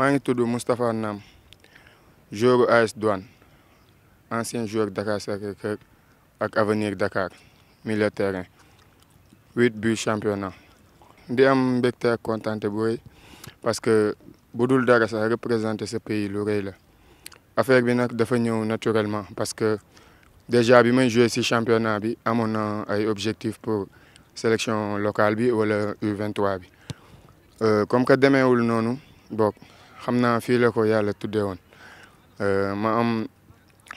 Je ngi Mustapha Moustapha Nam joueur AS Douane ancien joueur Dakar Sacré-Cœur Avenir Dakar milieu terrain huit buts championnat Je suis très content parce que Boudoul dakar dara représenter ce pays l'oreille. rëy affaire bi naturellement parce que déjà bi may joué ce championnat bi un objectif ay objectifs pour sélection locale ou wala U23 bi euh, comme que demeewul noonu bokk xamna fi fii la ko yàlla tuddee woon euh, ma am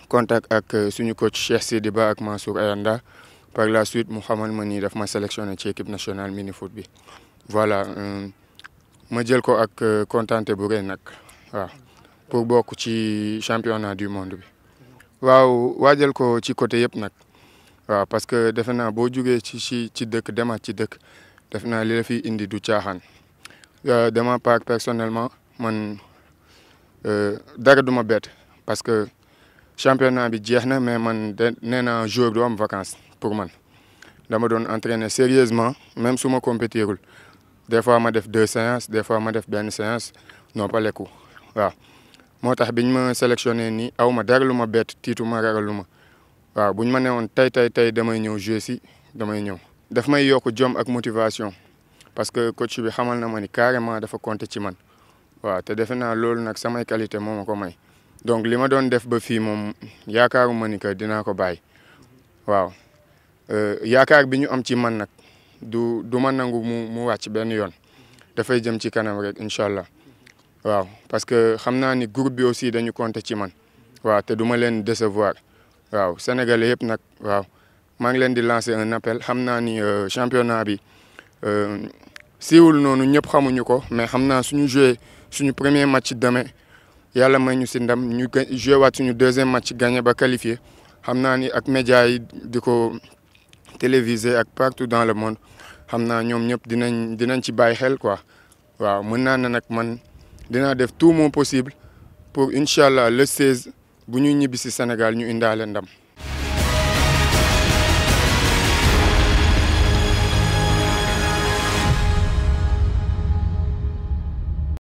contact ak euh, suñu coach Cheikh Sidi Ba ak Mansour Ayanda par la suite Mohamed xamal ma daf ma sélectionné ci équipe nationale mini foot bi voilà euh, ma jël ko ak contenté bu rëy nak waaw pour bok ci championnat du monde bi waaw waajal ko ci côté yépp nak waaw parce que defe naa boo jugee ci ci ci dëkk demaat ci dëkk defe naa li la fi indi du euh dama part personnellement man euh, dara du ma parce que championnat bi jehna mais man de nee joueur bi am vacances pour man dama don entraîner sérieusement même suma ma compétirul des fois ma def deux séances des fois ma def ben séance non pas les coups wa motax biñ ma sélectionné ni aw ma dara lu ma bett tiitu ma ragalu ma waaw buñ ma néwon tay tay tay damay ñëw jouer ci damay ñëw daf may yokk jom ak motivation parce que coach bi xamal na ma ni carrément dafa compter ci man wa te defe naa loolu nag samay qualité moo ma ko may donc li ma def ba fii moom yaakaaruma ni n'a dinaa ko bàyyi waaw euh, yaakaar bi ñu am ci man nag du du ma nangu mu mu wàcc benn yoon dafay jëm ci kanam rek incha parce que xam ni groupe bi aussi dañu compter ci man waaw te du ma leen décevoir waaw sénégalais yëpp nag waaw maa ngi di lancer un appel xam ni euh, championnat bi euh, siiwul noonu ñëpp xamuñu ko mais xam suñu notre premier match demain Yalla may ñu si ndam ñu jouer waat suñu deuxième match gagné ba qualifié Xamna ni ak média yi diko téléviser ak partout dans le monde Xamna ñom ñep dinañ dinañ ci bàyyi xel quoi waaw mëna na nak man dina def tout mon possible pour incha le 16 bu ñu ñibi ci Sénégal ñu indaale ndam.